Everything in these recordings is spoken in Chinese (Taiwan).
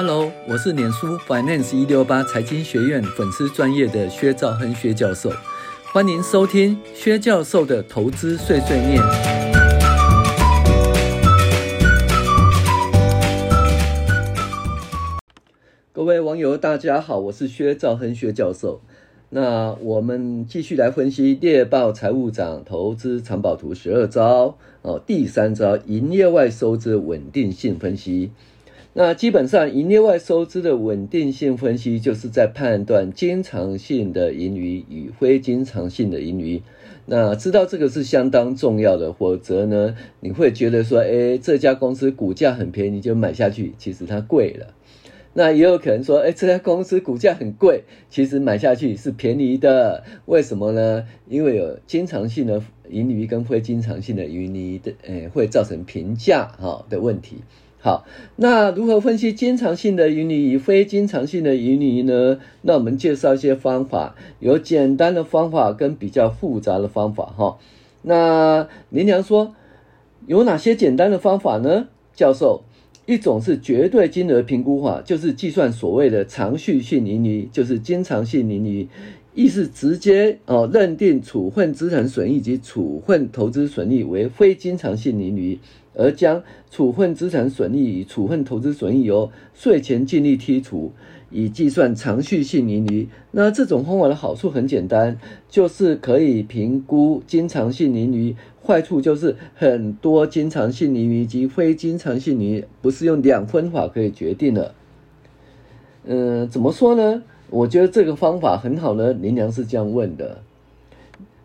Hello，我是臉書 Finance 一六八財經學院粉絲專業的薛兆亨薛教授，歡迎收聽薛教授的投資碎碎念。各位網友，大家好，我是薛兆亨薛教授。那我們繼續來分析獵豹財務長投資藏寶圖十二招哦，第三招營業外收支穩定性分析。那基本上，營業外收支的穩定性分析，就是在判斷經常性的盈餘與非經常性的盈餘。那知道這個是相當重要的，否則呢，你會覺得說，誒，這家公司股價很便宜就買下去，其實它貴了。那也有可能說，誒，這家公司股價很貴，其實買下去是便宜的。為什麼呢？因為有經常性的盈餘跟非經常性的盈餘的，誒，會造成評價哈的問題。好，那如何分析經常性的盈餘與非經常性的盈餘呢？那我們介紹一些方法，有簡單的方法跟比較複雜的方法哈。那您想說，有哪些簡單的方法呢？教授，一種是絕對金額評估法，就是計算所謂的常續性盈餘，就是經常性盈餘。一是直接哦認定處分資產損益及處分投資損益為非經常性盈餘，而將處分資產損益與處分投資損益由稅前淨利剔除，以計算常續性盈餘。那這種方法的好處很簡單，就是可以評估經常性盈餘；壞處就是很多經常性盈餘及非經常性盈餘不是用兩分法可以決定的。嗯，怎麼說呢？我覺得這個方法很好呢。林娘是這樣問的，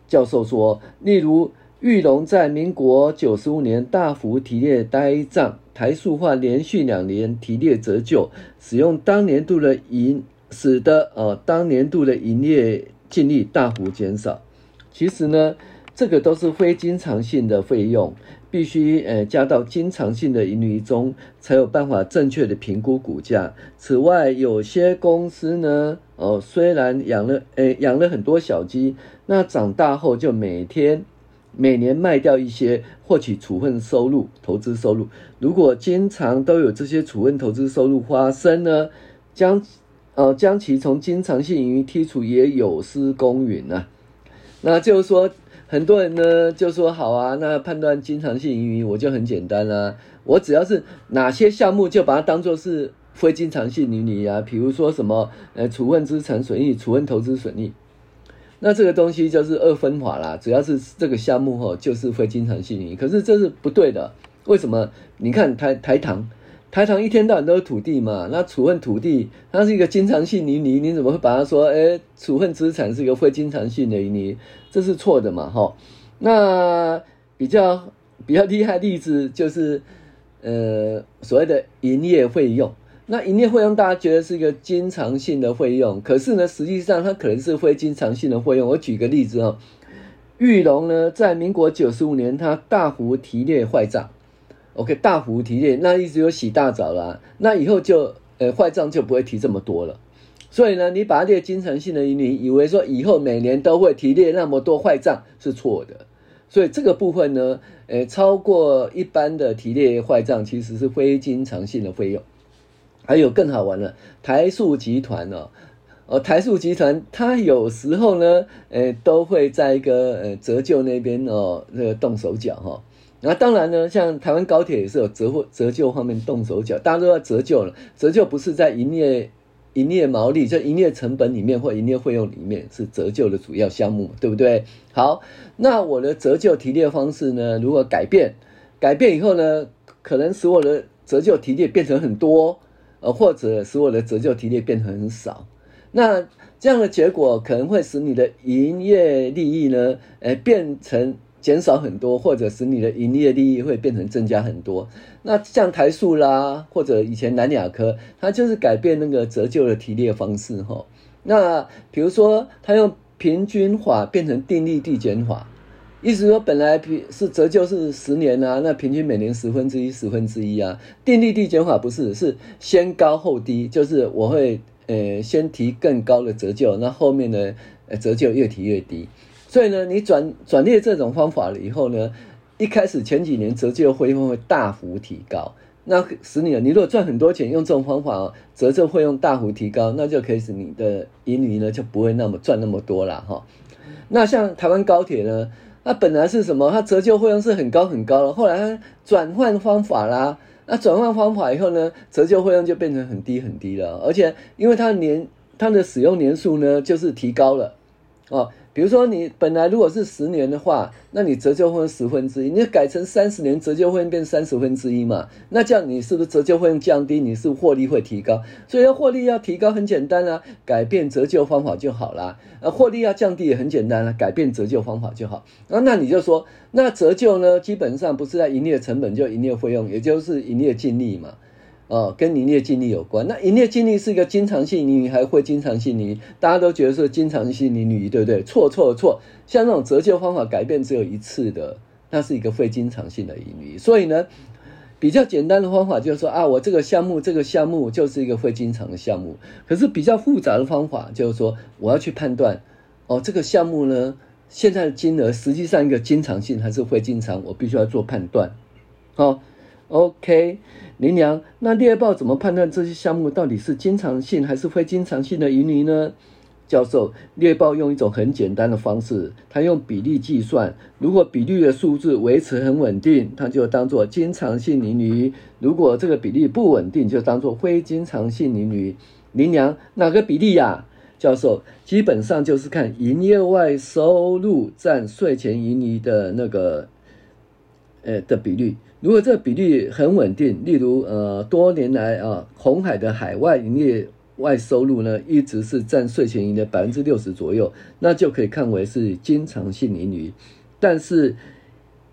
教授說，例如裕隆在民國九十五年大幅提列呆賬，台塑化連續兩年提列折舊，使用當年度的營，使得呃當年度的營業淨利大幅減少。其實呢，這個都是非經常性的費用。必須呃、欸、加到經常性的盈餘中，才有辦法正確的評估股價。此外，有些公司呢，哦，雖然養了呃、欸、養了很多小雞，那長大後就每天每年賣掉一些，獲取處分收入、投資收入。如果經常都有這些處分投資收入發生呢，將呃將其從經常性盈餘剔除也有失公允吶、啊。那就是說。很多人呢，就說，好啊，那判斷經常性盈餘，我就很簡單啦，我只要是哪些項目，就把它當做是非經常性盈餘啊，比如說什麼呃處分資產損益、處分投資損益，那這個東西就是二分法啦，只要是這個項目哦，就是非經常性盈餘，可是這是不對的，為什麼？你看台台糖。台糖一天到晚都是土地嘛，那處分土地，它是一個經常性盈餘，你怎麼會把它說，哎、欸，處分資產是一個非經常性的盈餘，這是錯的嘛，哈。那比較比較厲害的例子就是，呃，所謂的營業費用，那營業費用大家覺得是一個經常性的費用，可是呢，實際上它可能是非經常性的費用。我舉個例子哦，裕隆呢，在民國九十五年，它大幅提列壞賬。OK，大幅提列，那一直有洗大澡啦、啊，那以後就，呃，壞賬就不會提這麼多了。所以呢，你把它列經常性的，你以為說以後每年都會提列那麼多壞賬是錯的。所以這個部分呢，呃，超過一般的提列壞賬，其實是非經常性的費用。還有更好玩了，台塑集團哦，呃、哦，台塑集團它有時候呢，呃，都會在一個呃折舊那邊哦，那、這個動手腳哈、哦。那當然呢，像台灣高鐵也是有折貨折舊方面動手腳，大家都要折舊了。折舊不是在營業營業毛利，就營業成本裡面或營業費用裡面是折舊的主要項目，對不對？好，那我的折舊提列方式呢，如果改變，改變以後呢，可能使我的折舊提列變成很多，呃，或者使我的折舊提列變成很少。那這樣的結果可能會使你的營業利益呢，呃、欸，變成減少很多，或者使你的營業利益會變成增加很多。那像台塑啦，或者以前南亞科，它就是改變那個折舊的提列方式哈。那比如說，它用平均法變成定率遞減法，意思說本來是折舊是十年啊，那平均每年十分之一、十分之一啊。定率遞減法不是，是先高後低，就是我會呃先提更高的折舊，那後面呢呃折舊越提越低。所以呢，你轉轉列這種方法了以後呢，一開始前幾年折舊費用會大幅提高。那使你，你，你如果賺很多錢，用這種方法哦，折舊費用大幅提高，那就可以使你的盈餘呢就不會那麼賺那麼多了哈、哦。那像台灣高鐵呢，那本來是什麼？它折舊費用是很高很高了。後來它轉換方法啦，那轉換方法以後呢，折舊費用就變成很低很低了，而且因為它年它的使用年數呢就是提高了，哦。比如說，你本來如果是十年的話，那你折舊費用十分之一，10, 你要改成三十年，折舊費用變三十分之一嘛？那這樣你是不是折舊費用降低？你是不是獲利會提高？所以要獲利要提高很簡單啊，改變折舊方法就好啦。啊獲利要降低也很簡單啊，改變折舊方法就好。然後那你就說，那折舊呢，基本上不是在營業成本就營業費用，也就是營業淨利嘛？哦，跟營業淨利有關。那營業淨利是一個經常性盈利，還會經常性盈利？大家都覺得是經常性盈利，對不對？錯錯錯！像這種折舊方法改變只有一次的，那是一個非經常性的盈利。所以呢，比較簡單的方法就是說啊，我這個項目這個項目就是一個非經常的項目。可是比較複雜的方法就是說，我要去判斷哦，這個項目呢，現在的金額實際上一個經常性還是非經常，我必須要做判斷。好，哦，OK。林娘，那獵豹怎麼判斷這些項目到底是經常性還是非經常性的盈餘呢？教授，獵豹用一種很簡單的方式，它用比例計算，如果比例的數字維持很穩定，它就當做經常性盈餘。如果這個比例不穩定，就當做非經常性盈餘。林娘，哪個比例呀？教授，基本上就是看營業外收入占稅前盈餘的那個，呃，的比率。如果這比例很穩定，例如，呃，多年來啊，紅海的海外營業外收入呢，一直是占稅前盈的百分之六十左右，那就可以看為是經常性盈餘。但是，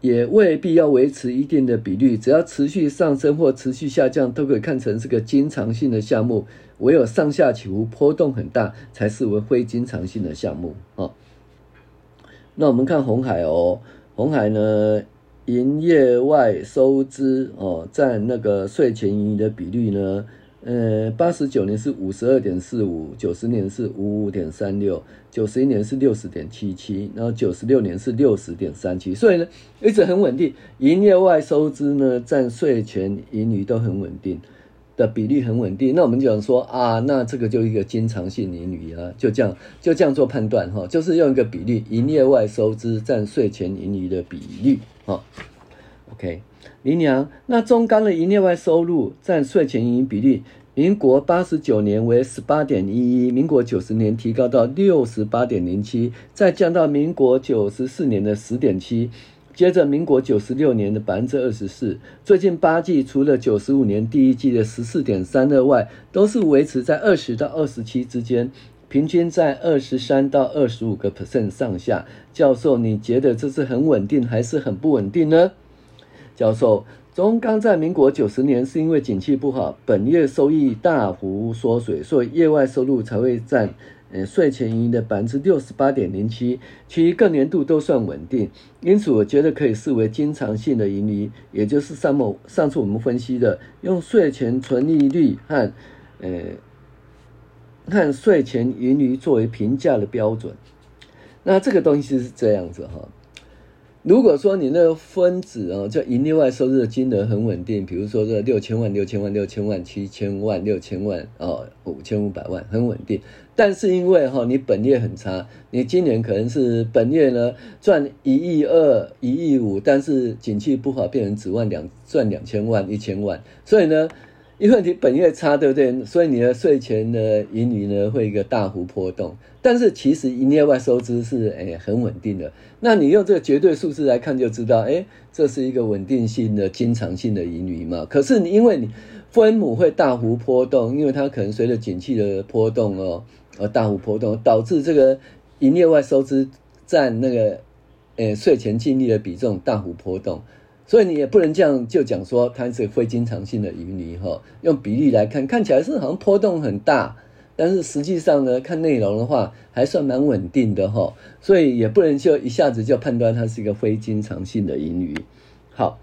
也未必要維持一定的比率，只要持續上升或持續下降，都可以看成是個經常性的項目。唯有上下起伏波動很大，才視為非經常性的項目。啊、哦，那我們看紅海哦，紅海呢？營業外收支哦，占那個稅前盈餘的比率呢？呃，八十九年是五十二點四五，九十年是五五點三六，九十一年是六十點七七，然後九十六年是六十點三七，所以呢，一直很穩定。營業外收支呢，占稅前盈餘都很穩定的比例很穩定。那我們就想說啊，那這個就一個經常性盈餘啊，就這樣就這樣做判斷哈、哦，就是用一個比率，營業外收支占稅前盈餘的比率。哦，OK，林娘，那中鋼的營業外收入占稅前盈餘比例，民國八十九年為十八點一一，民國九十年提高到六十八點零七，再降到民國九十四年的十點七，接着民國九十六年的百分之二十四，最近八季除了九十五年第一季的十四點三二外，都是維持在二十到二十七之間。平均在二十三到二十五個 percent 上下。教授，你覺得這是很穩定還是很不穩定呢？教授，中鋼在民國九十年是因為景氣不好，本業收益大幅縮水，所以業外收入才會占呃稅前盈餘的百分之六十八點零七，其餘各年度都算穩定。因此，我覺得可以視為經常性的盈餘，也就是上末上次我們分析的用稅前純利率，和呃。看稅前盈餘作為評價的標準，那這個東西是這樣子哈。如果說你那個分子哦，就營業外收入的金額很穩定，比如說這六千萬、六千萬、六千萬、七千萬、六千萬、哦、五千五百萬很穩定，但是因為哈你本業很差，你今年可能是本業呢賺一億二、一億五，但是景氣不好，變成指望兩賺兩千萬、一千萬，所以呢。因為你本業差，對不對？所以你的稅前的盈餘呢會一個大幅波動，但是其實營業外收支是哎很穩定的。那你用這個絕對數字來看就知道，哎這是一個穩定性的經常性的盈餘嘛。可是你因為你分母會大幅波動，因為它可能隨着景氣的波動哦而大幅波動，導致這個營業外收支占那個呃、哎、稅前淨利的比重大幅波動。所以你也不能這樣就講說它是非經常性的盈餘哈，用比例來看，看起來是好像波動很大，但是實際上呢，看內容的話還算蠻穩定的哈，所以也不能就一下子就判斷它是一個非經常性的盈餘。好，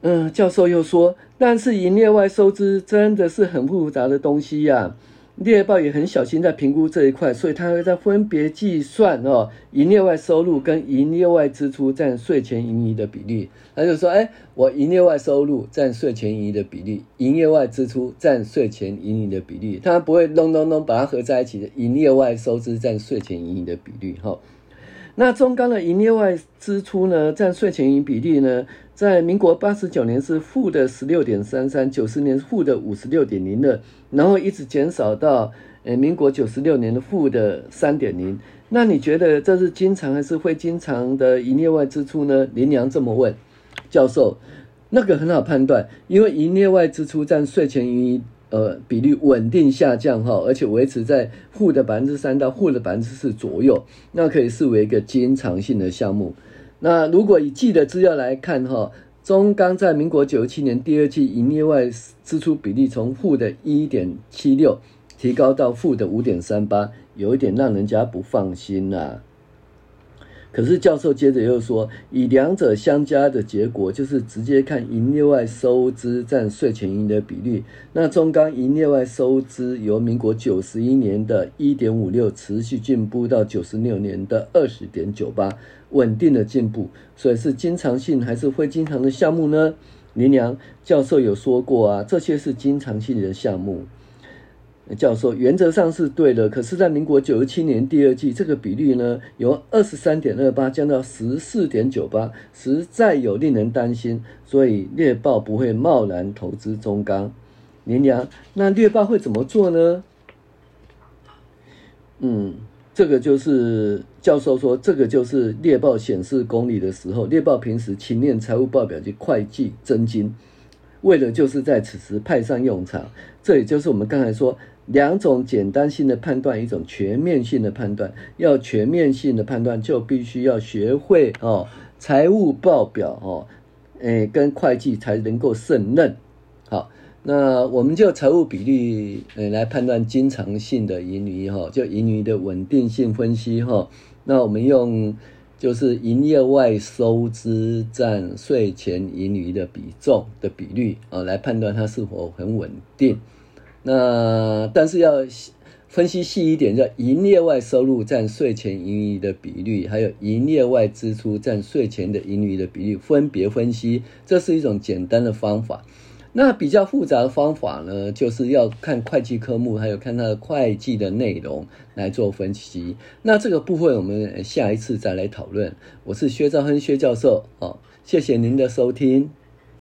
嗯，教授又說，但是營業外收支真的是很複雜的東西呀、啊。獵豹也很小心在評估這一塊，所以它會再分別計算哦，營業外收入跟營業外支出占稅前盈餘的比例。它就說，哎、欸，我營業外收入占稅前盈餘的比例，營業外支出占稅前盈餘的比例，它不會弄弄弄把它合在一起的營業外收支占稅前盈餘的比例。哈，那中鋼的營業外支出呢，占稅前盈餘比例呢？在民國八十九年是負的十六點三三，九十年負的五十六點零二，然後一直減少到呃、欸、民國九十六年的負的三點零。那你覺得這是經常還是會經常的營業外支出呢？林娘這麼問，教授，那個很好判斷，因為營業外支出占稅前盈餘呃比率穩定下降哈，而且維持在負的百分之三到負的百分之四左右，那可以視為一個經常性的項目。那如果以季的資料來看，哈，中鋼在民國九十七年第二季營業外支出比例從負的一點七六提高到負的五點三八，有一點讓人家不放心吶、啊。可是教授接着又說，以兩者相加的結果，就是直接看營業外收支占稅前盈的比率。那中鋼營業外收支由民國九十一年的一點五六持續進步到九十六年的二十點九八，穩定的進步。所以是經常性還是非經常的項目呢？林良教授有說過啊，這些是經常性的項目。教授原則上是對的，可是，在民國九十七年第二季，這個比率呢，由二十三點二八降到十四點九八，實在有令人擔心，所以獵豹不會貿然投資中鋼、林洋。那獵豹會怎麼做呢？嗯，這個就是教授說，這個就是獵豹顯示功力的時候。獵豹平時勤練財務報表及會計真經，為的就是在此時派上用場。這也就是我們剛才說。兩種簡單性的判斷，一種全面性的判斷。要全面性的判斷，就必須要學會哦，財務報表哦，誒，跟會計才能夠勝任。好，那我們就財務比率，誒，來判斷經常性的盈餘哈、哦，就盈餘的穩定性分析哈、哦。那我們用就是營業外收支占稅前盈餘的比重的比率啊、哦，來判斷它是否很穩定。那但是要分析細一點，叫營業外收入占稅前盈餘的比率，還有營業外支出占稅前的盈餘的比率，分別分析，這是一種簡單的方法。那比較複雜的方法呢，就是要看會計科目，還有看它的會計的內容來做分析。那這個部分我們下一次再來討論。我是薛兆亨薛教授，哦，謝謝您的收聽。